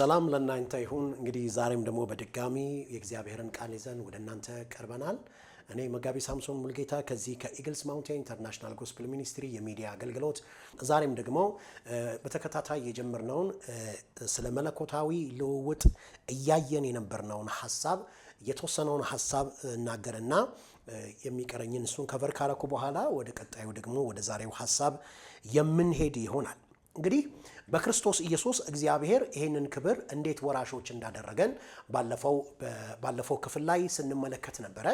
ሰላም ለእናንተ ይሁን። እንግዲህ ዛሬም ደግሞ በድጋሚ የእግዚአብሔርን ቃል ይዘን ወደ እናንተ ቀርበናል። እኔ መጋቢ ሳምሶን ሙልጌታ ከዚህ ከኢግልስ ማውንቴን ኢንተርናሽናል ጎስፕል ሚኒስትሪ የሚዲያ አገልግሎት ዛሬም ደግሞ በተከታታይ የጀመርነውን ስለ መለኮታዊ ልውውጥ እያየን የነበርነውን ሀሳብ የተወሰነውን ሀሳብ እናገርና የሚቀረኝን እሱን ከቨር ካረኩ በኋላ ወደ ቀጣዩ ደግሞ ወደ ዛሬው ሀሳብ የምንሄድ ይሆናል እንግዲህ በክርስቶስ ኢየሱስ እግዚአብሔር ይህንን ክብር እንዴት ወራሾች እንዳደረገን ባለፈው ክፍል ላይ ስንመለከት ነበረ።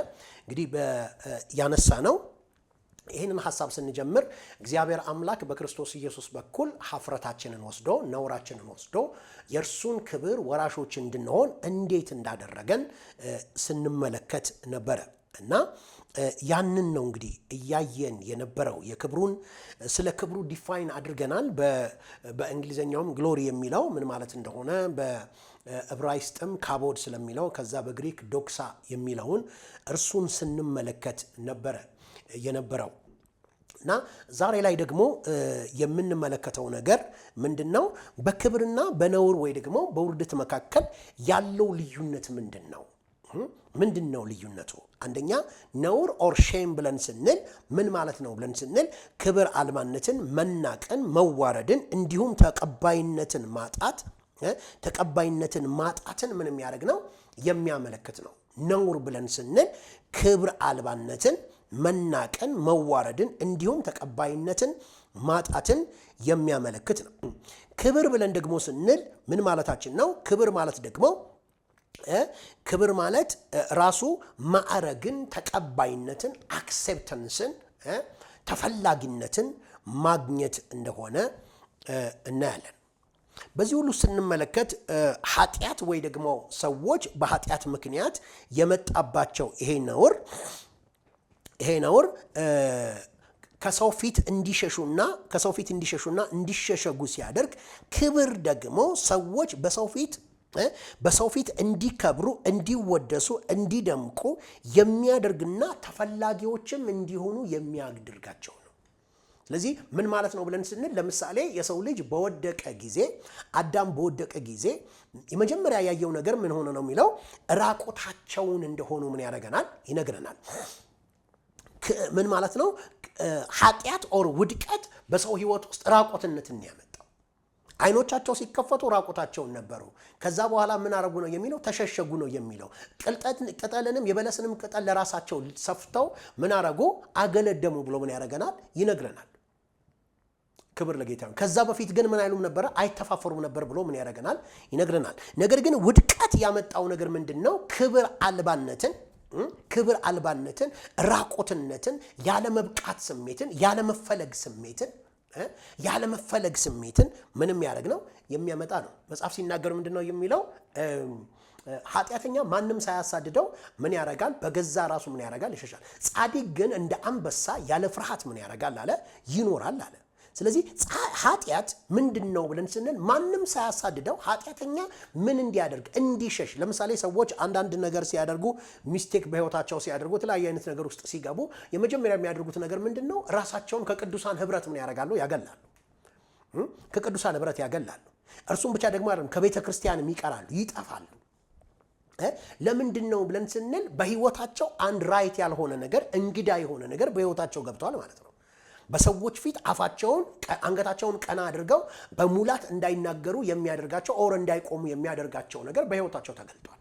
እንግዲህ ያነሳ ነው ይህንን ሀሳብ ስንጀምር እግዚአብሔር አምላክ በክርስቶስ ኢየሱስ በኩል ሀፍረታችንን ወስዶ ነውራችንን ወስዶ የእርሱን ክብር ወራሾች እንድንሆን እንዴት እንዳደረገን ስንመለከት ነበረ። እና ያንን ነው እንግዲህ እያየን የነበረው የክብሩን ስለ ክብሩ ዲፋይን አድርገናል። በእንግሊዝኛውም ግሎሪ የሚለው ምን ማለት እንደሆነ በዕብራይስጥም ካቦድ ስለሚለው ከዛ በግሪክ ዶክሳ የሚለውን እርሱን ስንመለከት ነበረ የነበረው እና ዛሬ ላይ ደግሞ የምንመለከተው ነገር ምንድን ነው? በክብርና በነውር ወይ ደግሞ በውርደት መካከል ያለው ልዩነት ምንድን ነው? ምንድን ነው ልዩነቱ? አንደኛ ነውር ኦር ሼም ብለን ስንል ምን ማለት ነው ብለን ስንል ክብር አልባነትን፣ መናቅን፣ መዋረድን እንዲሁም ተቀባይነትን ማጣት ተቀባይነትን ማጣትን ምን የሚያደርግ ነው የሚያመለክት ነው። ነውር ብለን ስንል ክብር አልባነትን፣ መናቅን፣ መዋረድን እንዲሁም ተቀባይነትን ማጣትን የሚያመለክት ነው። ክብር ብለን ደግሞ ስንል ምን ማለታችን ነው? ክብር ማለት ደግሞ ክብር ማለት ራሱ ማዕረግን፣ ተቀባይነትን፣ አክሴፕተንስን፣ ተፈላጊነትን ማግኘት እንደሆነ እናያለን። በዚህ ሁሉ ስንመለከት ኃጢአት ወይ ደግሞ ሰዎች በኃጢአት ምክንያት የመጣባቸው ይሄ ነውር ይሄ ነውር ከሰው ፊት እንዲሸሹና ከሰው ፊት እንዲሸሹና እንዲሸሸጉ ሲያደርግ ክብር ደግሞ ሰዎች በሰው ፊት በሰው ፊት እንዲከብሩ፣ እንዲወደሱ፣ እንዲደምቁ የሚያደርግና ተፈላጊዎችም እንዲሆኑ የሚያድርጋቸው ነው። ስለዚህ ምን ማለት ነው ብለን ስንል ለምሳሌ የሰው ልጅ በወደቀ ጊዜ አዳም በወደቀ ጊዜ የመጀመሪያ ያየው ነገር ምን ሆነ ነው የሚለው ራቆታቸውን እንደሆኑ ምን ያደርገናል ይነግረናል። ምን ማለት ነው? ኃጢአት ኦር ውድቀት በሰው ህይወት ውስጥ ራቆትነትን ያመ አይኖቻቸው ሲከፈቱ ራቁታቸውን ነበሩ። ከዛ በኋላ ምን አረጉ ነው የሚለው ተሸሸጉ ነው የሚለው። ቅጠልንም የበለስንም ቅጠል ለራሳቸው ሰፍተው ምን አረጉ አገለደሙ ብሎ ምን ያደረገናል ይነግረናል። ክብር ለጌታ ነው። ከዛ በፊት ግን ምን አይሉም ነበረ አይተፋፈሩም ነበር ብሎ ምን ያደረገናል ይነግረናል። ነገር ግን ውድቀት ያመጣው ነገር ምንድን ነው? ክብር አልባነትን ክብር አልባነትን፣ ራቁትነትን፣ ያለመብቃት ስሜትን፣ ያለመፈለግ ስሜትን ያለመፈለግ ስሜትን ምንም ያደረግ ነው የሚያመጣ ነው። መጽሐፍ ሲናገር ምንድን ነው የሚለው? ኃጢአተኛ ማንም ሳያሳድደው ምን ያረጋል? በገዛ ራሱ ምን ያረጋል? ይሸሻል። ጻዲቅ ግን እንደ አንበሳ ያለ ፍርሃት ምን ያረጋል አለ ይኖራል አለ ስለዚህ ኃጢአት ምንድን ነው ብለን ስንል ማንም ሳያሳድደው ኃጢአተኛ ምን እንዲያደርግ እንዲሸሽ። ለምሳሌ ሰዎች አንዳንድ ነገር ሲያደርጉ ሚስቴክ በህይወታቸው ሲያደርጉ የተለያዩ አይነት ነገር ውስጥ ሲገቡ የመጀመሪያ የሚያደርጉት ነገር ምንድን ነው? ራሳቸውን ከቅዱሳን ህብረት ምን ያደርጋሉ? ያገላሉ። ከቅዱሳን ህብረት ያገላሉ። እርሱም ብቻ ደግሞ አይደለም ከቤተ ክርስቲያንም ይቀራሉ፣ ይጠፋሉ። ለምንድን ነው ብለን ስንል በህይወታቸው አንድ ራይት ያልሆነ ነገር እንግዳ የሆነ ነገር በህይወታቸው ገብተዋል ማለት ነው። በሰዎች ፊት አፋቸውን አንገታቸውን ቀና አድርገው በሙላት እንዳይናገሩ የሚያደርጋቸው ኦር እንዳይቆሙ የሚያደርጋቸው ነገር በህይወታቸው ተገልጧል።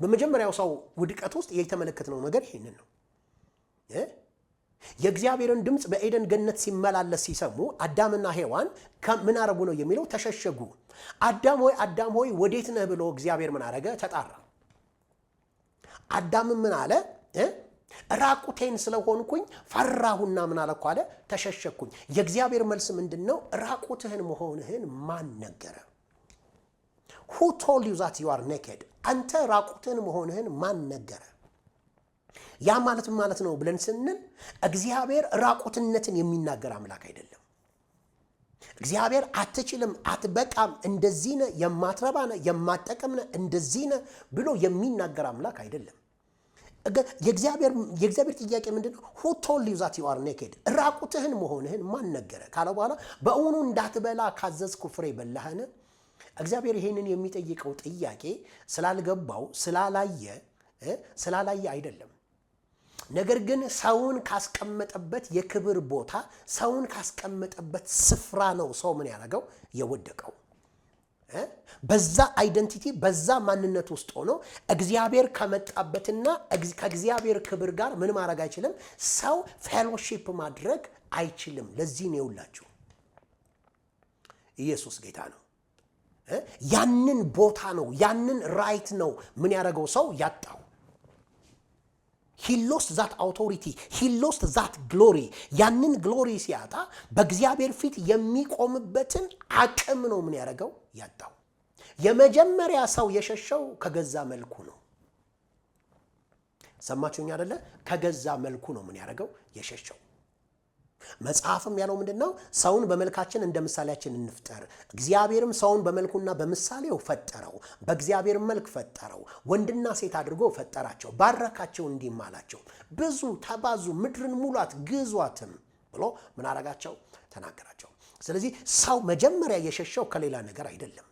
በመጀመሪያው ሰው ውድቀት ውስጥ የተመለከትነው ነገር ይህንን ነው። የእግዚአብሔርን ድምፅ በኤደን ገነት ሲመላለስ ሲሰሙ አዳምና ሔዋን ምን አረጉ ነው የሚለው ተሸሸጉ። አዳም ሆይ አዳም ሆይ ወዴት ነህ ብሎ እግዚአብሔር ምን አረገ? ተጣራ። አዳም ምን አለ? ራቁቴን ስለሆንኩኝ ፈራሁና ምን አለኩ አለ ተሸሸኩኝ። የእግዚአብሔር መልስ ምንድን ነው? ራቁትህን መሆንህን ማን ነገረ? ሁ ቶል ዩ ዛት ዩ አር ኔክድ? አንተ ራቁትህን መሆንህን ማን ነገረ? ያ ማለት ማለት ነው ብለን ስንል እግዚአብሔር ራቁትነትን የሚናገር አምላክ አይደለም። እግዚአብሔር አትችልም፣ አትበቃም፣ እንደዚህ ነህ፣ የማትረባ ነህ፣ የማትጠቅም ነህ፣ እንደዚህ ነህ ብሎ የሚናገር አምላክ አይደለም። የእግዚአብሔር ጥያቄ ምንድን ነው? ሁ ቶልድ ዩ ዛት ዩ አር ኔኬድ ራቁትህን መሆንህን ማን ነገረ ካለ በኋላ በእውኑ እንዳትበላ ካዘዝኩ ፍሬ በላህን? እግዚአብሔር ይሄንን የሚጠይቀው ጥያቄ ስላልገባው ስላላየ ስላላየ አይደለም። ነገር ግን ሰውን ካስቀመጠበት የክብር ቦታ ሰውን ካስቀመጠበት ስፍራ ነው ሰው ምን ያደረገው የወደቀው በዛ አይደንቲቲ በዛ ማንነት ውስጥ ሆኖ እግዚአብሔር ከመጣበትና ከእግዚአብሔር ክብር ጋር ምን ማድረግ አይችልም፣ ሰው ፌሎሺፕ ማድረግ አይችልም። ለዚህ ነው የውላችሁ ኢየሱስ ጌታ ነው። ያንን ቦታ ነው ያንን ራይት ነው ምን ያደረገው ሰው ያጣው ሂሎስት ዛት አውቶሪቲ ሂሎስት ዛት ግሎሪ ያንን ግሎሪ ሲያጣ በእግዚአብሔር ፊት የሚቆምበትን አቅም ነው ምን ያደረገው ያጣው። የመጀመሪያ ሰው የሸሸው ከገዛ መልኩ ነው። ሰማችሁኝ አደለ? ከገዛ መልኩ ነው ምን ያደረገው የሸሸው መጽሐፍም ያለው ምንድን ነው? ሰውን በመልካችን እንደ ምሳሌያችን እንፍጠር። እግዚአብሔርም ሰውን በመልኩና በምሳሌው ፈጠረው፣ በእግዚአብሔር መልክ ፈጠረው፣ ወንድና ሴት አድርጎ ፈጠራቸው፣ ባረካቸው፣ እንዲህም አላቸው ብዙ ተባዙ፣ ምድርን ሙሏት፣ ግዟትም ብሎ ምን አረጋቸው? ተናገራቸው። ስለዚህ ሰው መጀመሪያ የሸሸው ከሌላ ነገር አይደለም።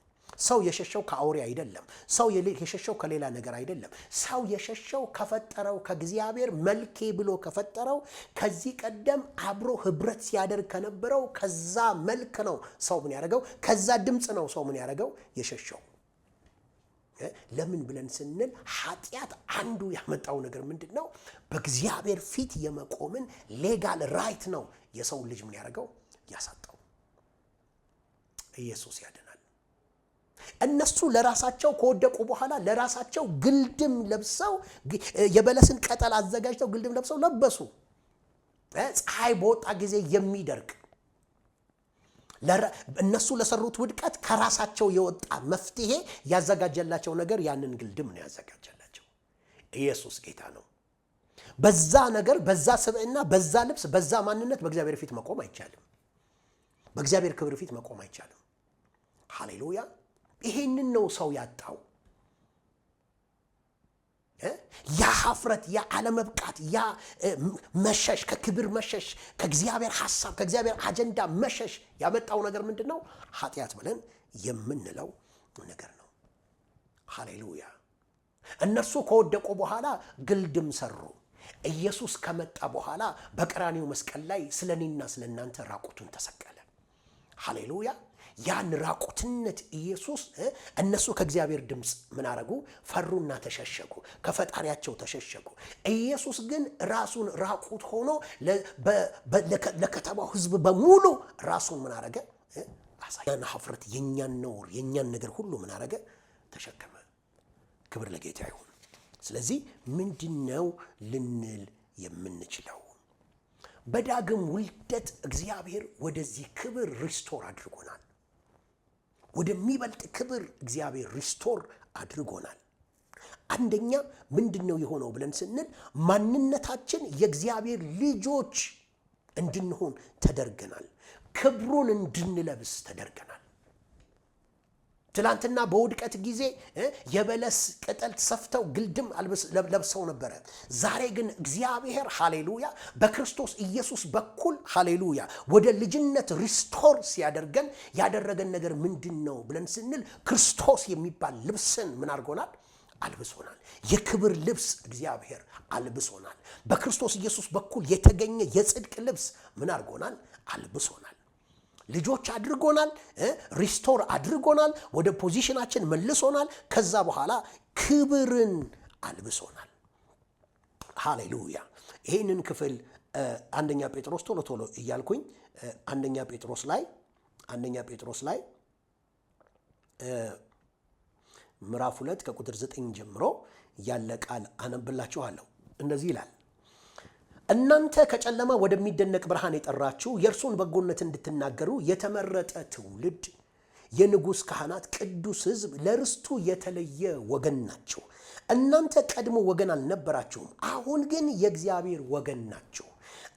ሰው የሸሸው ከአውሬ አይደለም። ሰው የሸሸው ከሌላ ነገር አይደለም። ሰው የሸሸው ከፈጠረው ከእግዚአብሔር መልኬ ብሎ ከፈጠረው ከዚህ ቀደም አብሮ ህብረት ሲያደርግ ከነበረው ከዛ መልክ ነው ሰው ምን ያደረገው፣ ከዛ ድምፅ ነው ሰው ምን ያደረገው የሸሸው። ለምን ብለን ስንል ኃጢአት አንዱ ያመጣው ነገር ምንድን ነው? በእግዚአብሔር ፊት የመቆምን ሌጋል ራይት ነው የሰው ልጅ ምን ያደርገው ያሳጣው። ኢየሱስ ያድን። እነሱ ለራሳቸው ከወደቁ በኋላ ለራሳቸው ግልድም ለብሰው የበለስን ቅጠል አዘጋጅተው ግልድም ለብሰው ለበሱ። ፀሐይ በወጣ ጊዜ የሚደርቅ እነሱ ለሰሩት ውድቀት ከራሳቸው የወጣ መፍትሄ ያዘጋጀላቸው ነገር ያንን ግልድም ነው ያዘጋጀላቸው። ኢየሱስ ጌታ ነው። በዛ ነገር፣ በዛ ስብዕና፣ በዛ ልብስ፣ በዛ ማንነት በእግዚአብሔር ፊት መቆም አይቻልም። በእግዚአብሔር ክብር ፊት መቆም አይቻልም። ሃሌሉያ ይሄንን ነው ሰው ያጣው። ያ ሀፍረት፣ ያ አለመብቃት፣ ያ መሸሽ፣ ከክብር መሸሽ፣ ከእግዚአብሔር ሀሳብ፣ ከእግዚአብሔር አጀንዳ መሸሽ ያመጣው ነገር ምንድን ነው? ኃጢአት ብለን የምንለው ነገር ነው። ሃሌሉያ። እነሱ ከወደቁ በኋላ ግልድም ሰሩ። ኢየሱስ ከመጣ በኋላ በቀራኒው መስቀል ላይ ስለ እኔና ስለ እናንተ ራቁቱን ተሰቀለ። ሃሌሉያ። ያን ራቁትነት ኢየሱስ እነሱ ከእግዚአብሔር ድምፅ ምን አረጉ? ፈሩና ተሸሸጉ፣ ከፈጣሪያቸው ተሸሸጉ። ኢየሱስ ግን ራሱን ራቁት ሆኖ ለከተማው ሕዝብ በሙሉ ራሱን ምን አረገ? ያን ሀፍረት፣ የእኛን ነውር፣ የእኛን ነገር ሁሉ ምን አረገ? ተሸከመ። ክብር ለጌታ ይሁን። ስለዚህ ምንድን ነው ልንል የምንችለው? በዳግም ውልደት እግዚአብሔር ወደዚህ ክብር ሪስቶር አድርጎናል። ወደሚበልጥ ክብር እግዚአብሔር ሪስቶር አድርጎናል። አንደኛ ምንድን ነው የሆነው ብለን ስንል ማንነታችን የእግዚአብሔር ልጆች እንድንሆን ተደርገናል። ክብሩን እንድንለብስ ተደርገናል። ትላንትና በውድቀት ጊዜ የበለስ ቅጠል ሰፍተው ግልድም ለብሰው ነበረ። ዛሬ ግን እግዚአብሔር ሃሌሉያ በክርስቶስ ኢየሱስ በኩል ሃሌሉያ ወደ ልጅነት ሪስቶር ሲያደርገን ያደረገን ነገር ምንድን ነው ብለን ስንል ክርስቶስ የሚባል ልብስን ምን አድርጎናል? አልብሶናል። የክብር ልብስ እግዚአብሔር አልብሶናል። በክርስቶስ ኢየሱስ በኩል የተገኘ የጽድቅ ልብስ ምን አድርጎናል? አልብሶናል። ልጆች አድርጎናል፣ ሪስቶር አድርጎናል፣ ወደ ፖዚሽናችን መልሶናል። ከዛ በኋላ ክብርን አልብሶናል። ሃሌሉያ! ይህንን ክፍል አንደኛ ጴጥሮስ ቶሎ ቶሎ እያልኩኝ አንደኛ ጴጥሮስ ላይ አንደኛ ጴጥሮስ ላይ ምዕራፍ ሁለት ከቁጥር ዘጠኝ ጀምሮ ያለ ቃል አነብላችኋለሁ። እንደዚህ ይላል እናንተ ከጨለማ ወደሚደነቅ ብርሃን የጠራችሁ የእርሱን በጎነት እንድትናገሩ የተመረጠ ትውልድ የንጉሥ ካህናት ቅዱስ ሕዝብ ለርስቱ የተለየ ወገን ናችሁ። እናንተ ቀድሞ ወገን አልነበራችሁም፣ አሁን ግን የእግዚአብሔር ወገን ናችሁ።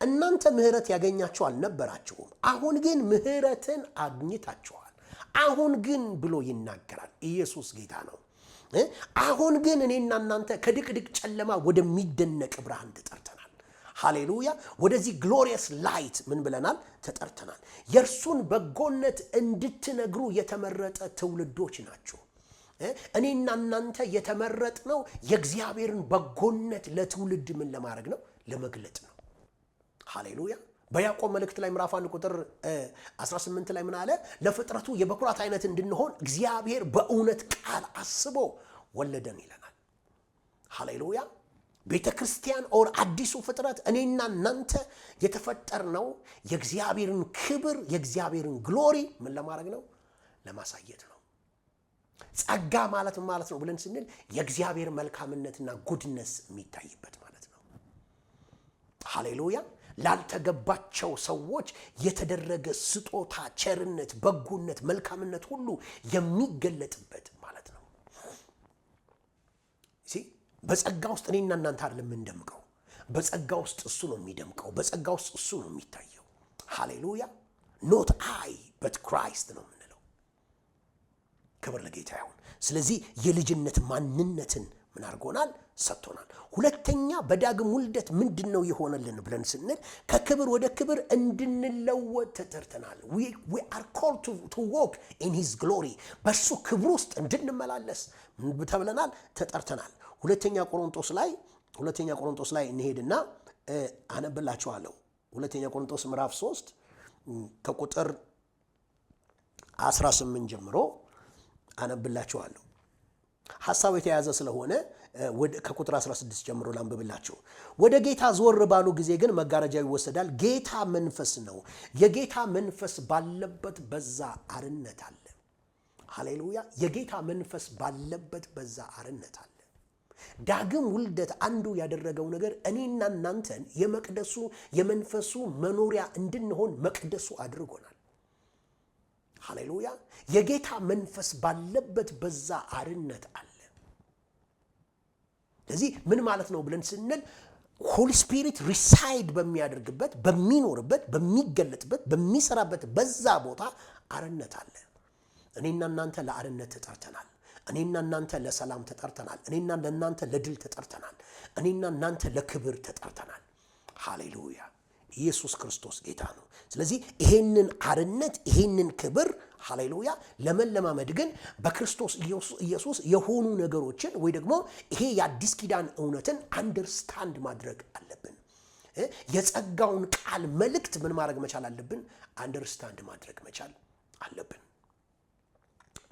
እናንተ ምሕረት ያገኛችሁ አልነበራችሁም፣ አሁን ግን ምሕረትን አግኝታችኋል። አሁን ግን ብሎ ይናገራል። ኢየሱስ ጌታ ነው። አሁን ግን እኔና እናንተ ከድቅድቅ ጨለማ ወደሚደነቅ ብርሃን ተጠርተናል። ሃሌሉያ። ወደዚህ ግሎሪየስ ላይት ምን ብለናል? ተጠርተናል። የእርሱን በጎነት እንድትነግሩ የተመረጠ ትውልዶች ናቸው። እኔና እናንተ የተመረጥ ነው የእግዚአብሔርን በጎነት ለትውልድ ምን ለማድረግ ነው? ለመግለጥ ነው። ሃሌሉያ። በያዕቆብ መልእክት ላይ ምዕራፍ 1 ቁጥር 18 ላይ ምን አለ? ለፍጥረቱ የበኩራት አይነት እንድንሆን እግዚአብሔር በእውነት ቃል አስቦ ወለደን ይለናል። ሃሌሉያ ቤተ ክርስቲያን ኦር አዲሱ ፍጥረት እኔና እናንተ የተፈጠርነው የእግዚአብሔርን ክብር የእግዚአብሔርን ግሎሪ ምን ለማድረግ ነው? ለማሳየት ነው። ጸጋ ማለት ማለት ነው ብለን ስንል የእግዚአብሔር መልካምነትና ጉድነስ የሚታይበት ማለት ነው። ሃሌሉያ! ላልተገባቸው ሰዎች የተደረገ ስጦታ፣ ቸርነት፣ በጎነት፣ መልካምነት ሁሉ የሚገለጥበት በጸጋ ውስጥ እኔና እናንተ አይደለም የምንደምቀው። በጸጋ ውስጥ እሱ ነው የሚደምቀው። በጸጋ ውስጥ እሱ ነው የሚታየው። ሃሌሉያ ኖት አይ በት ክራይስት ነው የምንለው። ክብር ለጌታ ይሁን። ስለዚህ የልጅነት ማንነትን ምን አድርጎናል? ሰጥቶናል። ሁለተኛ በዳግም ውልደት ምንድን ነው የሆነልን ብለን ስንል ከክብር ወደ ክብር እንድንለወጥ ተጠርተናል። ዊ አር ኮል ቱ ዎክ ኢን ሂዝ ግሎሪ በእሱ ክብር ውስጥ እንድንመላለስ ተብለናል፣ ተጠርተናል። ሁለተኛ ቆሮንቶስ ላይ ሁለተኛ ቆሮንቶስ ላይ እንሄድና አነብላችኋለሁ። ሁለተኛ ቆሮንቶስ ምዕራፍ 3 ከቁጥር 18 ጀምሮ አነብላችኋለሁ። ሐሳብ የተያዘ ስለሆነ ከቁጥር 16 ጀምሮ ላንብብላችሁ። ወደ ጌታ ዞር ባሉ ጊዜ ግን መጋረጃ ይወሰዳል። ጌታ መንፈስ ነው፣ የጌታ መንፈስ ባለበት በዛ አርነት አለ። ሃሌሉያ! የጌታ መንፈስ ባለበት በዛ አርነት አለ። ዳግም ውልደት አንዱ ያደረገው ነገር እኔና እናንተን የመቅደሱ የመንፈሱ መኖሪያ እንድንሆን መቅደሱ አድርጎናል። ሃሌሉያ! የጌታ መንፈስ ባለበት በዛ አርነት አለ። ስለዚህ ምን ማለት ነው ብለን ስንል ሆሊ ስፒሪት ሪሳይድ በሚያደርግበት በሚኖርበት በሚገለጥበት በሚሰራበት በዛ ቦታ አርነት አለ። እኔና እናንተ ለአርነት ተጠርተናል። እኔና እናንተ ለሰላም ተጠርተናል። እኔና ለእናንተ ለድል ተጠርተናል። እኔና እናንተ ለክብር ተጠርተናል። ሃሌሉያ! ኢየሱስ ክርስቶስ ጌታ ነው። ስለዚህ ይሄንን አርነት ይሄንን ክብር ሃሌሉያ ለመለማመድ ግን በክርስቶስ ኢየሱስ የሆኑ ነገሮችን ወይ ደግሞ ይሄ የአዲስ ኪዳን እውነትን አንደርስታንድ ማድረግ አለብን። የጸጋውን ቃል መልእክት ምን ማድረግ መቻል አለብን? አንደርስታንድ ማድረግ መቻል አለብን።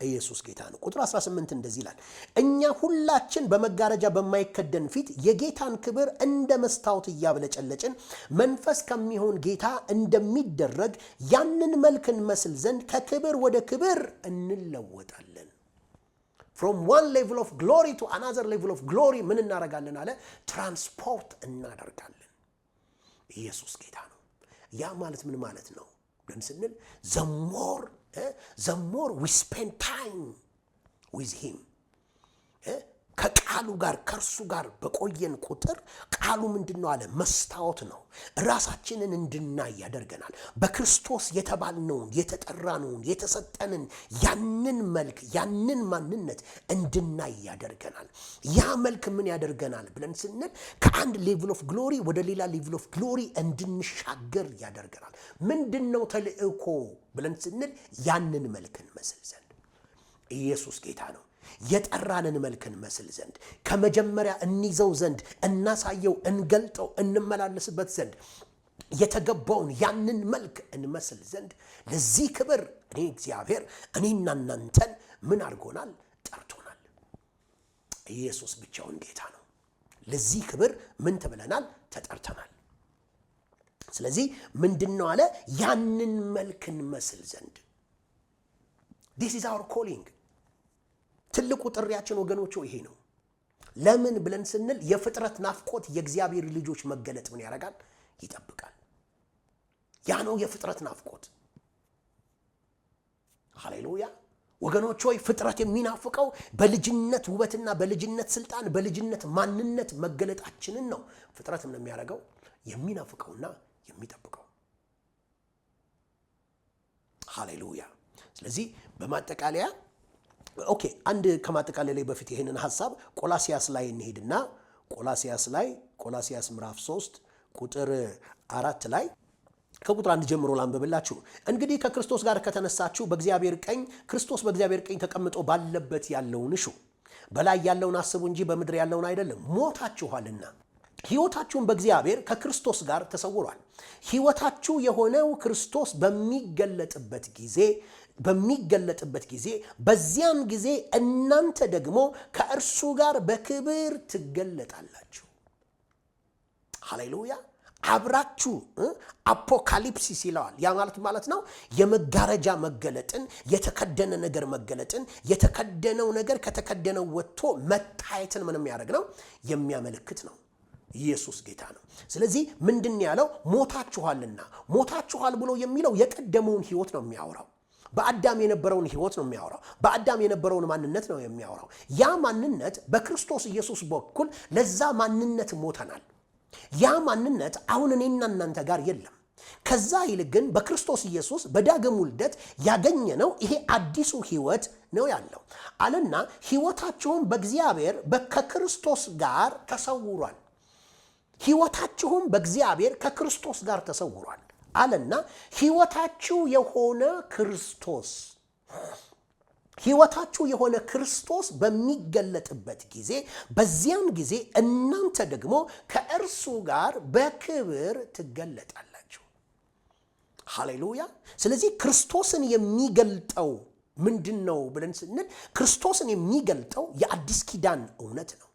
ኢየሱስ ጌታ ነው። ቁጥር 18 እንደዚህ ይላል፣ እኛ ሁላችን በመጋረጃ በማይከደን ፊት የጌታን ክብር እንደ መስታወት እያብለጨለጭን መንፈስ ከሚሆን ጌታ እንደሚደረግ ያንን መልክ እንመስል ዘንድ ከክብር ወደ ክብር እንለወጣለን። ፍሮም ዋን ሌቭል ኦፍ ግሎሪ ቱ አናዘር ሌቭል ኦፍ ግሎሪ ምን እናደርጋለን አለ? ትራንስፖርት እናደርጋለን። ኢየሱስ ጌታ ነው። ያ ማለት ምን ማለት ነው ብለን ስንል ዘሞር eh, the more we spend time with Him. Eh, ከቃሉ ጋር ከእርሱ ጋር በቆየን ቁጥር ቃሉ ምንድን ነው አለ? መስታወት ነው። ራሳችንን እንድናይ ያደርገናል። በክርስቶስ የተባልነውን የተጠራነውን የተሰጠንን ያንን መልክ ያንን ማንነት እንድናይ ያደርገናል። ያ መልክ ምን ያደርገናል ብለን ስንል ከአንድ ሌቭል ኦፍ ግሎሪ ወደ ሌላ ሌቭል ኦፍ ግሎሪ እንድንሻገር ያደርገናል። ምንድን ነው ተልእኮ ብለን ስንል ያንን መልክ እንመስል ዘንድ ኢየሱስ ጌታ ነው። የጠራንን መልክ እንመስል ዘንድ ከመጀመሪያ እንይዘው ዘንድ እናሳየው፣ እንገልጠው፣ እንመላለስበት ዘንድ የተገባውን ያንን መልክ እንመስል ዘንድ ለዚህ ክብር እኔ እግዚአብሔር እኔና እናንተን ምን አድርጎናል? ጠርቶናል። ኢየሱስ ብቻውን ጌታ ነው። ለዚህ ክብር ምን ተብለናል? ተጠርተናል። ስለዚህ ምንድን ነው አለ? ያንን መልክ እንመስል ዘንድ ዲስ ኢዝ አወር ኮሊንግ ትልቁ ጥሪያችን ወገኖቹ ይሄ ነው። ለምን ብለን ስንል የፍጥረት ናፍቆት የእግዚአብሔር ልጆች መገለጥ ምን ያደርጋል? ይጠብቃል። ያ ነው የፍጥረት ናፍቆት። ሃሌሉያ ወገኖች ሆይ ፍጥረት የሚናፍቀው በልጅነት ውበትና በልጅነት ስልጣን በልጅነት ማንነት መገለጣችንን ነው። ፍጥረት ነው የሚያደርገው የሚናፍቀውና የሚጠብቀው ሃሌሉያ። ስለዚህ በማጠቃለያ ኦኬ አንድ ከማጠቃለላይ በፊት ይህንን ሀሳብ ቆላሲያስ ላይ እንሄድና ቆላሲያስ ላይ ቆላሲያስ ምዕራፍ 3 ቁጥር አራት ላይ ከቁጥር አንድ ጀምሮ ላንብብላችሁ። እንግዲህ ከክርስቶስ ጋር ከተነሳችሁ በእግዚአብሔር ቀኝ ክርስቶስ በእግዚአብሔር ቀኝ ተቀምጦ ባለበት ያለውን እሹ በላይ ያለውን አስቡ እንጂ በምድር ያለውን አይደለም፣ ሞታችኋልና ሕይወታችሁን በእግዚአብሔር ከክርስቶስ ጋር ተሰውሯል። ሕይወታችሁ የሆነው ክርስቶስ በሚገለጥበት ጊዜ በሚገለጥበት ጊዜ በዚያም ጊዜ እናንተ ደግሞ ከእርሱ ጋር በክብር ትገለጣላችሁ። ሃሌሉያ። አብራችሁ አፖካሊፕሲስ ይለዋል። ያ ማለት ማለት ነው የመጋረጃ መገለጥን፣ የተከደነ ነገር መገለጥን፣ የተከደነው ነገር ከተከደነው ወጥቶ መታየትን ምን የሚያደርግ ነው የሚያመለክት ነው። ኢየሱስ ጌታ ነው። ስለዚህ ምንድን ያለው ሞታችኋልና፣ ሞታችኋል ብሎ የሚለው የቀደመውን ህይወት ነው የሚያወራው በአዳም የነበረውን ህይወት ነው የሚያወራው። በአዳም የነበረውን ማንነት ነው የሚያወራው። ያ ማንነት በክርስቶስ ኢየሱስ በኩል ለዛ ማንነት ሞተናል። ያ ማንነት አሁን እኔና እናንተ ጋር የለም። ከዛ ይልቅ ግን በክርስቶስ ኢየሱስ በዳግም ውልደት ያገኘ ነው ይሄ አዲሱ ህይወት ነው ያለው አለና ህይወታችሁም በእግዚአብሔር ከክርስቶስ ጋር ተሰውሯል። ህይወታችሁም በእግዚአብሔር ከክርስቶስ ጋር ተሰውሯል። አለና ህይወታችሁ የሆነ ክርስቶስ ህይወታችሁ የሆነ ክርስቶስ በሚገለጥበት ጊዜ በዚያን ጊዜ እናንተ ደግሞ ከእርሱ ጋር በክብር ትገለጣላችሁ። ሃሌሉያ። ስለዚህ ክርስቶስን የሚገልጠው ምንድን ነው ብለን ስንል ክርስቶስን የሚገልጠው የአዲስ ኪዳን እውነት ነው።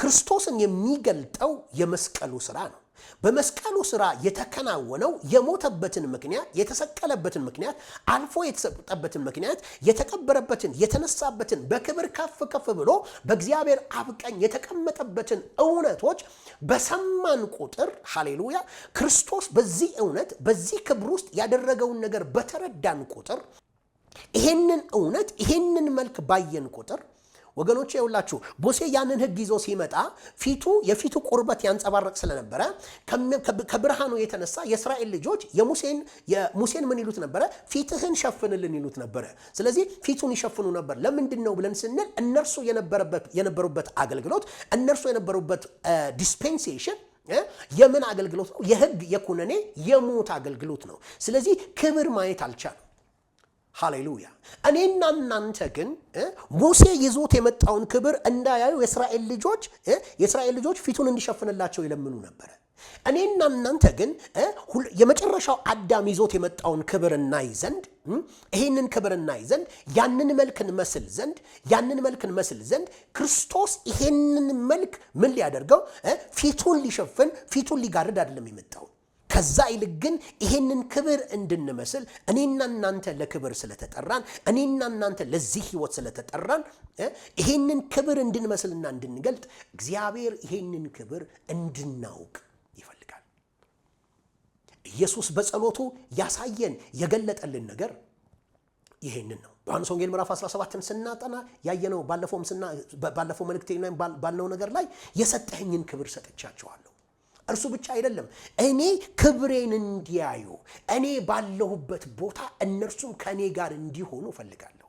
ክርስቶስን የሚገልጠው የመስቀሉ ስራ ነው። በመስቀሉ ስራ የተከናወነው የሞተበትን ምክንያት፣ የተሰቀለበትን ምክንያት፣ አልፎ የተሰጠበትን ምክንያት፣ የተቀበረበትን፣ የተነሳበትን፣ በክብር ከፍ ከፍ ብሎ በእግዚአብሔር አብ ቀኝ የተቀመጠበትን እውነቶች በሰማን ቁጥር ሃሌሉያ፣ ክርስቶስ በዚህ እውነት በዚህ ክብር ውስጥ ያደረገውን ነገር በተረዳን ቁጥር ይሄንን እውነት ይሄንን መልክ ባየን ቁጥር ወገኖች የውላችሁ ቦሴ ያንን ህግ ይዞ ሲመጣ ፊቱ የፊቱ ቁርበት ያንጸባረቅ ስለነበረ ከብርሃኑ የተነሳ የእስራኤል ልጆች የሙሴን የሙሴን ምን ይሉት ነበረ? ፊትህን ሸፍንልን ይሉት ነበረ። ስለዚህ ፊቱን ይሸፍኑ ነበር። ለምንድን ነው ብለን ስንል እነርሱ የነበሩበት አገልግሎት እነርሱ የነበሩበት ዲስፔንሴሽን የምን አገልግሎት ነው? የህግ የኩነኔ የሞት አገልግሎት ነው። ስለዚህ ክብር ማየት አልቻለም። ሃሌሉያ። እኔና እናንተ ግን ሙሴ ይዞት የመጣውን ክብር እንዳያዩ የእስራኤል ልጆች የእስራኤል ልጆች ፊቱን እንዲሸፍንላቸው ይለምኑ ነበረ። እኔና እናንተ ግን የመጨረሻው አዳም ይዞት የመጣውን ክብር እናይ ዘንድ ይህንን ክብር እናይ ዘንድ ያንን መልክ መስል ዘንድ ያንን መልክን መስል ዘንድ ክርስቶስ ይሄንን መልክ ምን ሊያደርገው ፊቱን ሊሸፍን ፊቱን ሊጋርድ አይደለም የመጣው ከዛ ይልቅ ግን ይሄንን ክብር እንድንመስል እኔና እናንተ ለክብር ስለተጠራን፣ እኔና እናንተ ለዚህ ህይወት ስለተጠራን ይሄንን ክብር እንድንመስልና እንድንገልጥ እግዚአብሔር ይሄንን ክብር እንድናውቅ ይፈልጋል። ኢየሱስ በጸሎቱ ያሳየን የገለጠልን ነገር ይሄንን ነው። ዮሐንስ ወንጌል ምዕራፍ 17ን ስናጠና ያየነው ባለፈው መልእክቴ ባለው ነገር ላይ የሰጠኸኝን ክብር ሰጥቻቸዋለሁ እርሱ ብቻ አይደለም፣ እኔ ክብሬን እንዲያዩ እኔ ባለሁበት ቦታ እነርሱም ከእኔ ጋር እንዲሆኑ እፈልጋለሁ።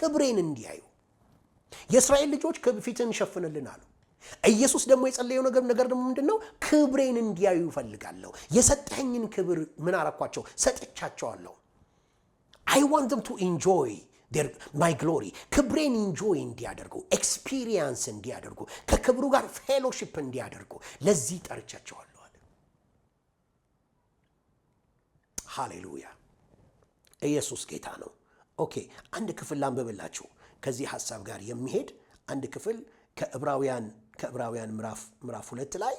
ክብሬን እንዲያዩ የእስራኤል ልጆች ፊትን ሸፍንልን አሉ። ኢየሱስ ደግሞ የጸለየው ነገር ነገር ደግሞ ምንድን ነው? ክብሬን እንዲያዩ እፈልጋለሁ። የሰጠኝን ክብር ምን አረኳቸው? ሰጥቻቸዋለሁ። አይ ዋንት ዘም ቱ ኢንጆይ ማይ ግሎሪ ክብሬን ኢንጆይ እንዲያደርጉ ኤክስፒሪየንስ እንዲያደርጉ ከክብሩ ጋር ፌሎሺፕ እንዲያደርጉ ለዚህ ጠርቻቸዋለሁ አለ። ሃሌሉያ! ኢየሱስ ጌታ ነው። ኦኬ፣ አንድ ክፍል ላንብብላችሁ ከዚህ ሀሳብ ጋር የሚሄድ አንድ ክፍል ከዕብራውያን ከዕብራውያን ምዕራፍ ሁለት ላይ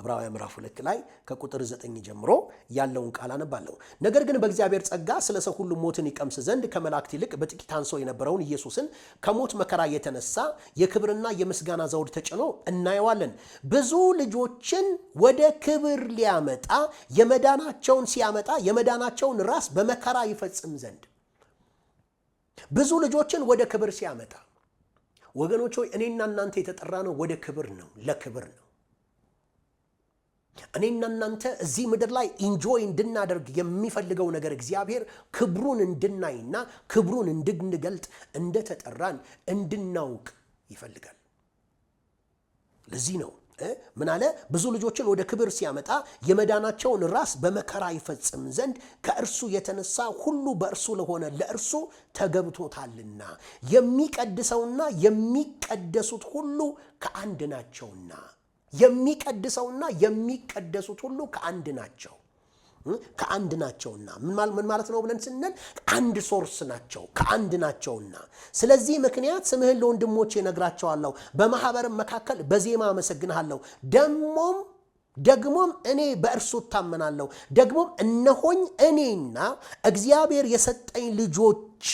ዕብራውያን ምዕራፍ ሁለት ላይ ከቁጥር ዘጠኝ ጀምሮ ያለውን ቃል አነባለሁ። ነገር ግን በእግዚአብሔር ጸጋ ስለ ሰው ሁሉ ሞትን ይቀምስ ዘንድ ከመላእክት ይልቅ በጥቂት አንሶ የነበረውን ኢየሱስን ከሞት መከራ የተነሳ የክብርና የምስጋና ዘውድ ተጭኖ እናየዋለን። ብዙ ልጆችን ወደ ክብር ሊያመጣ የመዳናቸውን ሲያመጣ የመዳናቸውን ራስ በመከራ ይፈጽም ዘንድ ብዙ ልጆችን ወደ ክብር ሲያመጣ ወገኖች ሆይ እኔና እናንተ የተጠራ ነው፣ ወደ ክብር ነው፣ ለክብር ነው። እኔና እናንተ እዚህ ምድር ላይ ኢንጆይ እንድናደርግ የሚፈልገው ነገር እግዚአብሔር ክብሩን እንድናይና ክብሩን እንድንገልጥ እንደተጠራን እንድናውቅ ይፈልጋል። ለዚህ ነው ምን አለ? ብዙ ልጆችን ወደ ክብር ሲያመጣ የመዳናቸውን ራስ በመከራ ይፈጽም ዘንድ ከእርሱ የተነሳ ሁሉ በእርሱ ለሆነ ለእርሱ ተገብቶታልና የሚቀድሰውና የሚቀደሱት ሁሉ ከአንድ ናቸውና የሚቀድሰውና የሚቀደሱት ሁሉ ከአንድ ናቸው ከአንድ ናቸውና ምን ማለት ነው ብለን ስንል አንድ ሶርስ ናቸው ከአንድ ናቸውና። ስለዚህ ምክንያት ስምህን ለወንድሞቼ ነግራቸዋለሁ በማኅበርም መካከል በዜማ አመሰግንሃለሁ። ደግሞም ደግሞም እኔ በእርሱ እታመናለሁ። ደግሞም እነሆኝ እኔና እግዚአብሔር የሰጠኝ ልጆች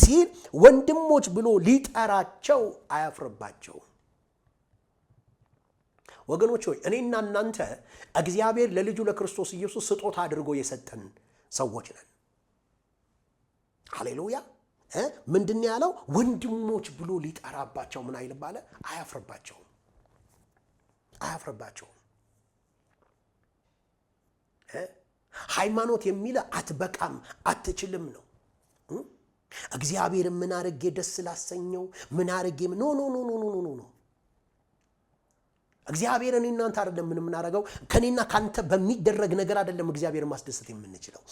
ሲል ወንድሞች ብሎ ሊጠራቸው አያፍርባቸውም። ወገኖች ሆይ እኔና እናንተ እግዚአብሔር ለልጁ ለክርስቶስ ኢየሱስ ስጦታ አድርጎ የሰጠን ሰዎች ነን። ሃሌሉያ። ምንድን ያለው ወንድሞች ብሎ ሊጠራባቸው ምን አይልም ባለ አያፍርባቸውም፣ አያፍርባቸውም። ሃይማኖት የሚለ አትበቃም፣ አትችልም ነው እግዚአብሔር ምን አርጌ ደስ ላሰኘው ምን አርጌ ኖ ኖ ኖ ኖ ኖ ኖ እግዚአብሔር እኔ እናንተ አይደለም ምን የምናደርገው ከኔና ካንተ በሚደረግ ነገር አይደለም እግዚአብሔር ማስደሰት የምንችለው።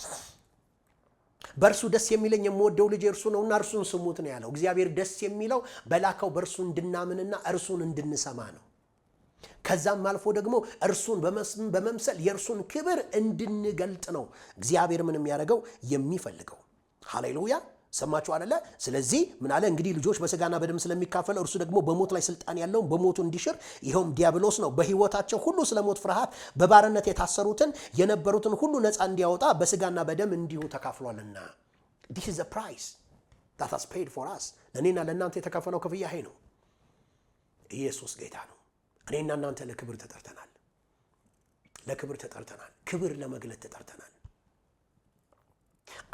በእርሱ ደስ የሚለኝ የምወደው ልጅ እርሱ ነውና እርሱን ስሙት ነው ያለው። እግዚአብሔር ደስ የሚለው በላከው በእርሱ እንድናምንና እርሱን እንድንሰማ ነው። ከዛም አልፎ ደግሞ እርሱን በመምሰል የእርሱን ክብር እንድንገልጥ ነው እግዚአብሔር ምን የሚያደርገው የሚፈልገው። ሃሌሉያ ሰማችሁ አደለ? ስለዚህ አለ እንግዲህ ልጆች በስጋና በደም ስለሚካፈል እርሱ ደግሞ በሞት ላይ ስልጣን ያለውን በሞቱ እንዲሽር ይኸውም ዲያብሎስ ነው። በህይወታቸው ሁሉ ስለ ሞት ፍርሃት በባርነት የታሰሩትን የነበሩትን ሁሉ ነፃ እንዲያወጣ በስጋና በደም እንዲሁ ተካፍሏልና። ዲስ ዘ ፕራይስ ዛት ሃዝ ፎር አስ። ለእኔና ለእናንተ የተከፈለው ክፍያ ይሄ ነው። ኢየሱስ ጌታ ነው። እኔና እናንተ ለክብር ተጠርተናል። ለክብር ተጠርተናል። ክብር ለመግለጥ ተጠርተናል።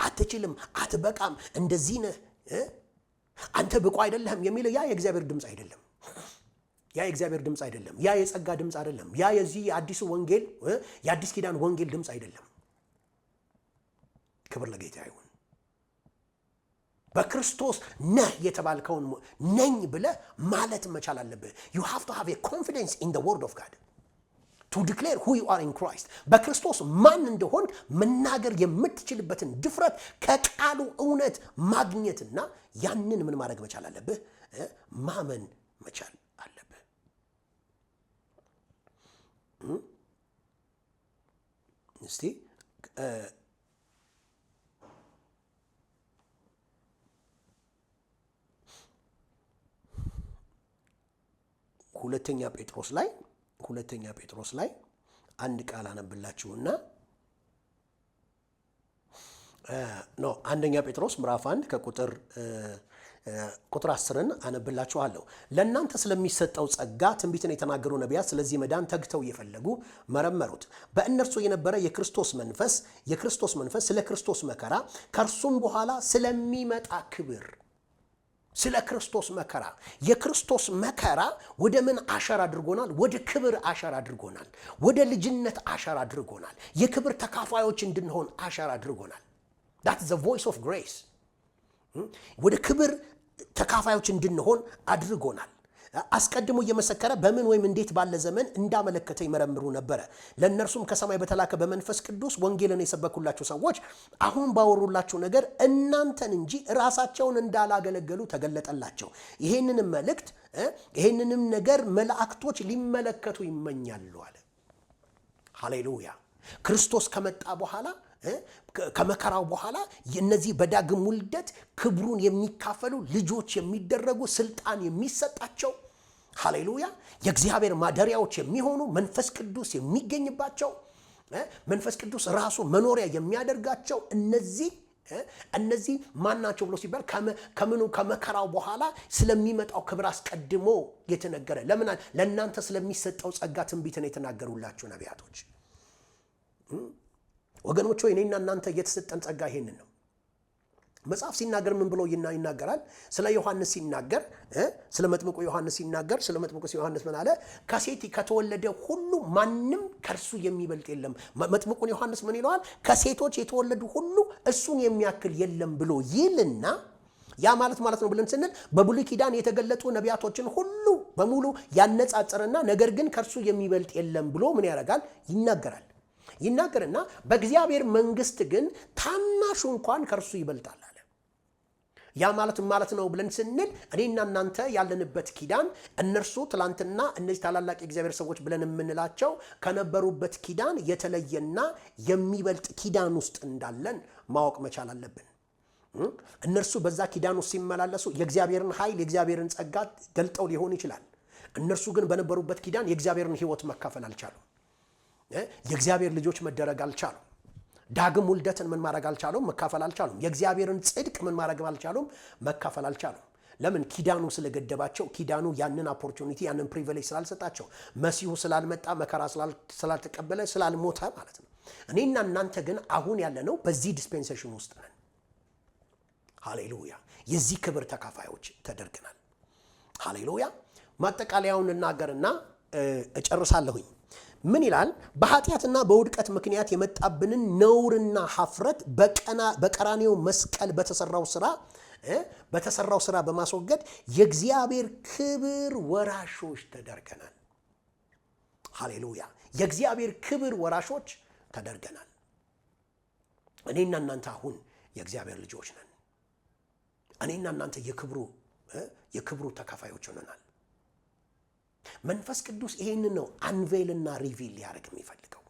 አትችልም፣ አትበቃም፣ እንደዚህ ነህ፣ አንተ ብቁ አይደለህም የሚለው ያ የእግዚአብሔር ድምፅ አይደለም። ያ የእግዚአብሔር ድምፅ አይደለም። ያ የጸጋ ድምፅ አይደለም። ያ የዚህ የአዲሱ ወንጌል የአዲስ ኪዳን ወንጌል ድምፅ አይደለም። ክብር ለጌታ ይሁን። በክርስቶስ ነህ የተባልከውን ነኝ ብለህ ማለት መቻል አለብህ። ዩ ሃቭ ቱ ሃቭ ኮንፊደንስ ኢን ወርድ ኦፍ ጋድ ቱ ዲክሌር ሁ ዩ አር ኢን ክራይስት በክርስቶስ ማን እንደሆን መናገር የምትችልበትን ድፍረት ከቃሉ እውነት ማግኘትና ያንን ምን ማድረግ መቻል አለብህ? ማመን መቻል አለብህ። እስቲ ሁለተኛ ጴጥሮስ ላይ ሁለተኛ ጴጥሮስ ላይ አንድ ቃል አነብላችሁና ኖ አንደኛ ጴጥሮስ ምዕራፍ አንድ ከቁጥር ቁጥር አስርን አነብላችኋለሁ። ለእናንተ ስለሚሰጠው ጸጋ ትንቢትን የተናገሩ ነቢያት ስለዚህ መዳን ተግተው እየፈለጉ መረመሩት። በእነርሱ የነበረ የክርስቶስ መንፈስ የክርስቶስ መንፈስ ስለ ክርስቶስ መከራ ከእርሱም በኋላ ስለሚመጣ ክብር ስለ ክርስቶስ መከራ የክርስቶስ መከራ ወደ ምን አሸር አድርጎናል? ወደ ክብር አሸር አድርጎናል። ወደ ልጅነት አሸር አድርጎናል። የክብር ተካፋዮች እንድንሆን አሸር አድርጎናል። ዳት ዘ ቮይስ ኦፍ ግሬስ ወደ ክብር ተካፋዮች እንድንሆን አድርጎናል። አስቀድሞ እየመሰከረ በምን ወይም እንዴት ባለ ዘመን እንዳመለከተ ይመረምሩ ነበረ። ለእነርሱም ከሰማይ በተላከ በመንፈስ ቅዱስ ወንጌልን የሰበኩላቸው ሰዎች አሁን ባወሩላቸው ነገር እናንተን እንጂ ራሳቸውን እንዳላገለገሉ ተገለጠላቸው። ይሄንንም መልእክት ይሄንንም ነገር መላእክቶች ሊመለከቱ ይመኛሉ አለ። ሃሌሉያ! ክርስቶስ ከመጣ በኋላ ከመከራው በኋላ እነዚህ በዳግም ውልደት ክብሩን የሚካፈሉ ልጆች የሚደረጉ ስልጣን የሚሰጣቸው ሃሌሉያ የእግዚአብሔር ማደሪያዎች የሚሆኑ መንፈስ ቅዱስ የሚገኝባቸው መንፈስ ቅዱስ ራሱ መኖሪያ የሚያደርጋቸው እነዚህ እነዚህ ማን ናቸው ብሎ ሲባል ከምኑ ከመከራው በኋላ ስለሚመጣው ክብር አስቀድሞ የተነገረ ለምን ለእናንተ ስለሚሰጠው ጸጋ ትንቢትን የተናገሩላችሁ ነቢያቶች ወገኖች ሆይ እኔና እናንተ እየተሰጠን ጸጋ ይሄንን ነው። መጽሐፍ ሲናገር ምን ብሎ ይናገራል? ስለ ዮሐንስ ሲናገር ስለ መጥምቁ ዮሐንስ ሲናገር ስለ መጥምቁ ዮሐንስ ምን አለ? ከሴት ከተወለደ ሁሉ ማንም ከእርሱ የሚበልጥ የለም። መጥምቁን ዮሐንስ ምን ይለዋል? ከሴቶች የተወለዱ ሁሉ እሱን የሚያክል የለም ብሎ ይልና ያ ማለት ማለት ነው ብለን ስንል በብሉይ ኪዳን የተገለጡ ነቢያቶችን ሁሉ በሙሉ ያነጻጽርና ነገር ግን ከእርሱ የሚበልጥ የለም ብሎ ምን ያደርጋል? ይናገራል። ይናገርና በእግዚአብሔር መንግስት ግን ታናሹ እንኳን ከእርሱ ይበልጣል አለ። ያ ማለት ማለት ነው ብለን ስንል እኔና እናንተ ያለንበት ኪዳን እነርሱ ትላንትና እነዚህ ታላላቅ የእግዚአብሔር ሰዎች ብለን የምንላቸው ከነበሩበት ኪዳን የተለየና የሚበልጥ ኪዳን ውስጥ እንዳለን ማወቅ መቻል አለብን። እነርሱ በዛ ኪዳን ውስጥ ሲመላለሱ የእግዚአብሔርን ኃይል የእግዚአብሔርን ጸጋ ገልጠው ሊሆን ይችላል። እነርሱ ግን በነበሩበት ኪዳን የእግዚአብሔርን ሕይወት መካፈል አልቻሉም። የእግዚአብሔር ልጆች መደረግ አልቻሉም። ዳግም ውልደትን ምን ማድረግ አልቻሉም? መካፈል አልቻሉም። የእግዚአብሔርን ጽድቅ ምን ማድረግ አልቻሉም? መካፈል አልቻሉም። ለምን? ኪዳኑ ስለገደባቸው፣ ኪዳኑ ያንን ኦፖርቹኒቲ ያንን ፕሪቪሌጅ ስላልሰጣቸው፣ መሲሁ ስላልመጣ፣ መከራ ስላልተቀበለ፣ ስላልሞተ ማለት ነው። እኔና እናንተ ግን አሁን ያለነው በዚህ ዲስፔንሴሽን ውስጥ ነን። ሃሌሉያ! የዚህ ክብር ተካፋዮች ተደርግናል ሃሌሉያ! ማጠቃለያውን እናገርና እጨርሳለሁኝ። ምን ይላል? በኃጢአትና በውድቀት ምክንያት የመጣብንን ነውርና ሀፍረት በቀራኔው መስቀል በተሰራው ስራ በተሰራው ስራ በማስወገድ የእግዚአብሔር ክብር ወራሾች ተደርገናል። ሃሌሉያ! የእግዚአብሔር ክብር ወራሾች ተደርገናል። እኔና እናንተ አሁን የእግዚአብሔር ልጆች ነን። እኔና እናንተ የክብሩ የክብሩ ተካፋዮች ሆነናል። መንፈስ ቅዱስ ይሄንን ነው አንቬል እና ሪቪል ሊያደርግ የሚፈልገው።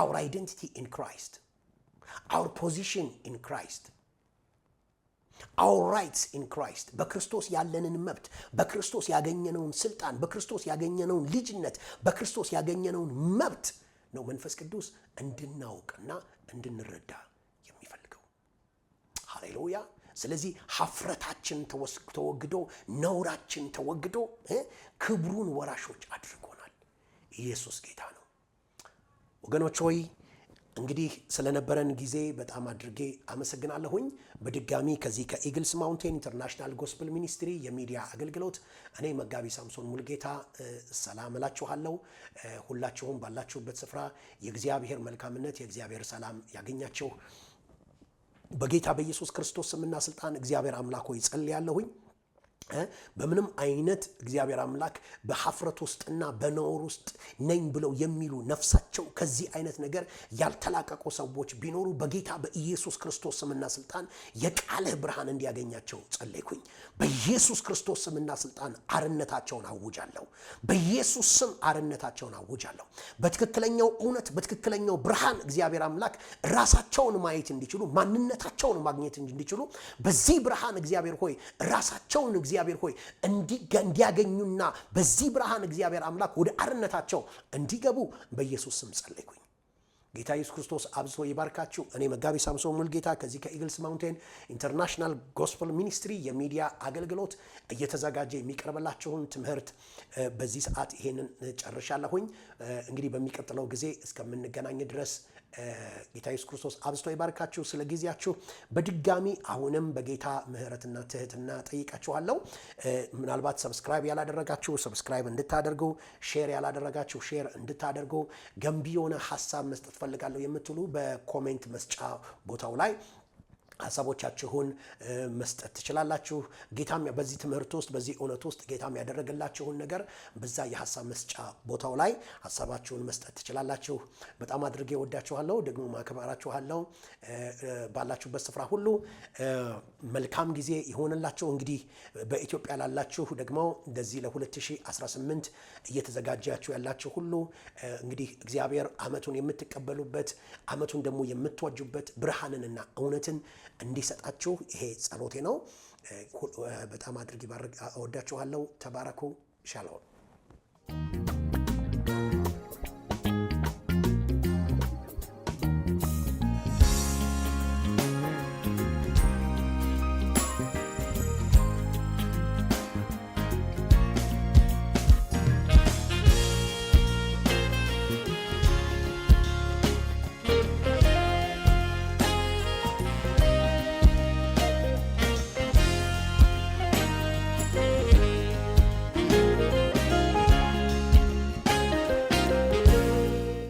አውር አይደንቲቲ ኢን ክራይስት፣ አውር ፖዚሽን ኢን ክራይስት፣ አውር ራይትስ ኢን ክራይስት፣ በክርስቶስ ያለንን መብት፣ በክርስቶስ ያገኘነውን ስልጣን፣ በክርስቶስ ያገኘነውን ልጅነት፣ በክርስቶስ ያገኘነውን መብት ነው መንፈስ ቅዱስ እንድናውቅና እንድንረዳ የሚፈልገው። ሃሌሉያ ስለዚህ ሀፍረታችን ተወግዶ ነውራችን ተወግዶ ክብሩን ወራሾች አድርጎናል። ኢየሱስ ጌታ ነው። ወገኖች ሆይ እንግዲህ ስለነበረን ጊዜ በጣም አድርጌ አመሰግናለሁኝ። በድጋሚ ከዚህ ከኢግልስ ማውንቴን ኢንተርናሽናል ጎስፕል ሚኒስትሪ የሚዲያ አገልግሎት እኔ መጋቢ ሳምሶን ሙልጌታ ሰላም እላችኋለሁ። ሁላችሁም ባላችሁበት ስፍራ የእግዚአብሔር መልካምነት የእግዚአብሔር ሰላም ያገኛችሁ። በጌታ በኢየሱስ ክርስቶስ ስምና ስልጣን እግዚአብሔር አምላክ ሆይ ጸልያለሁኝ። በምንም አይነት እግዚአብሔር አምላክ በሀፍረት ውስጥና በነውር ውስጥ ነኝ ብለው የሚሉ ነፍሳቸው ከዚህ አይነት ነገር ያልተላቀቁ ሰዎች ቢኖሩ በጌታ በኢየሱስ ክርስቶስ ስምና ስልጣን የቃልህ ብርሃን እንዲያገኛቸው ጸለይኩኝ። በኢየሱስ ክርስቶስ ስምና ስልጣን አርነታቸውን አውጃለሁ። በኢየሱስ ስም አርነታቸውን አውጃለሁ። በትክክለኛው እውነት፣ በትክክለኛው ብርሃን እግዚአብሔር አምላክ ራሳቸውን ማየት እንዲችሉ፣ ማንነታቸውን ማግኘት እንዲችሉ በዚህ ብርሃን እግዚአብሔር ሆይ ራሳቸውን እግዚአብሔር ሆይ እንዲያገኙና በዚህ ብርሃን እግዚአብሔር አምላክ ወደ አርነታቸው እንዲገቡ በኢየሱስ ስም ጸለይኩኝ። ጌታ ኢየሱስ ክርስቶስ አብዝቶ ይባርካችሁ። እኔ መጋቢ ሳምሶን ሙልጌታ ከዚህ ከኢግልስ ማውንቴን ኢንተርናሽናል ጎስፐል ሚኒስትሪ የሚዲያ አገልግሎት እየተዘጋጀ የሚቀርበላችሁን ትምህርት በዚህ ሰዓት ይሄንን ጨርሻለሁኝ። እንግዲህ በሚቀጥለው ጊዜ እስከምንገናኝ ድረስ ጌታ ኢየሱስ ክርስቶስ አብዝቶ ይባርካችሁ። ስለ ጊዜያችሁ በድጋሚ አሁንም በጌታ ምሕረትና ትህትና ጠይቃችኋለሁ። ምናልባት ሰብስክራይብ ያላደረጋችሁ ሰብስክራይብ እንድታደርጉ፣ ሼር ያላደረጋችሁ ሼር እንድታደርጉ፣ ገንቢ የሆነ ሀሳብ መስጠት ፈልጋለሁ የምትሉ በኮሜንት መስጫ ቦታው ላይ ሀሳቦቻችሁን መስጠት ትችላላችሁ። ጌታም በዚህ ትምህርት ውስጥ በዚህ እውነት ውስጥ ጌታም ያደረገላችሁን ነገር በዛ የሀሳብ መስጫ ቦታው ላይ ሀሳባችሁን መስጠት ትችላላችሁ። በጣም አድርጌ ወዳችኋለሁ፣ ደግሞ ማክበራችኋለሁ። ባላችሁበት ስፍራ ሁሉ መልካም ጊዜ ይሆንላችሁ። እንግዲህ በኢትዮጵያ ላላችሁ ደግሞ እንደዚህ ለ2018 እየተዘጋጃችሁ ያላችሁ ሁሉ እንግዲህ እግዚአብሔር ዓመቱን የምትቀበሉበት ዓመቱን ደግሞ የምትወጁበት ብርሃንንና እውነትን እንዲሰጣችሁ ይሄ ጸሎቴ ነው። በጣም አድርግ ይባርግ። እወዳችኋለሁ። ተባረኩ። ሻሎም